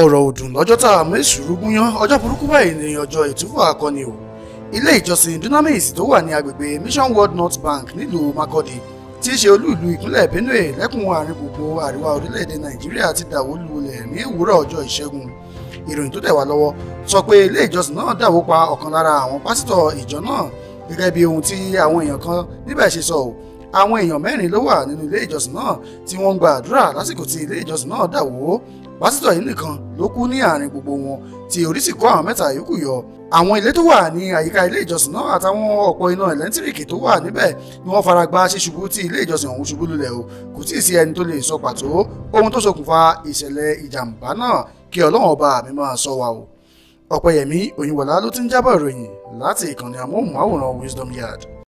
ọ̀rọ̀ òdùn lọ́jọ́ tá a mú èṣù rúgúnyán ọjọ́ burúkú báyìí ní ọjọ́ ìtúfọ̀ akọni o ilé ìjọsìn Dunamis tó wà ní agbègbè Mission World North Bank nílùú Makurdi tí í ṣe olú ìlú ìpínlẹ̀ Benue lẹ́kùn àárín gbogbo àríwá orílẹ̀-èdè Nàìjíríà ti dàwó lulẹ̀ ní ìwúrọ̀ ọjọ́ ìṣẹ́gun ìròyìn tó tẹ̀ wá lọ́wọ́ sọ pé ilé ìjọsìn náà dàwó pa ọ̀kan lára àwọn pásítọ̀ ìjọ náà gẹ́gẹ́ bí ohun tí àwọn èèyàn kan níbẹ̀ ṣe sọ àwọn èèyàn mẹ́rin ló wà nínú ilé ìjọsìn náà tí wọ́n ń gba àdúrà lásìkò tí ilé ìjọsìn náà dà wó pásítọ̀ yìí nìkan ló kú ní àárín gbogbo wọn tí orí sì kó àwọn mẹ́ta yòókù yọ àwọn ilé tó wà ní àyíká ilé ìjọsìn náà àtàwọn ọ̀pọ̀ iná ẹ̀lẹ́ńtíríkì tó wà níbẹ̀ ni wọ́n fara gba ṣíṣubú tí ilé ìjọsìn ọ̀hún ṣubú lulẹ̀ o kò tí ì sí ẹni tó lè sọ pàtó ohun tó ṣokùnfà ìṣẹ̀lẹ̀ ìjàmbá náà kí ọlọ́run ọba mi máa ṣọ́ wa o ọ̀pẹ̀yẹmí òyìnbọ̀lá ló ti ń jábọ̀ ìròyìn láti ìkànnì amóhùnmáwòrán Wisdom Yard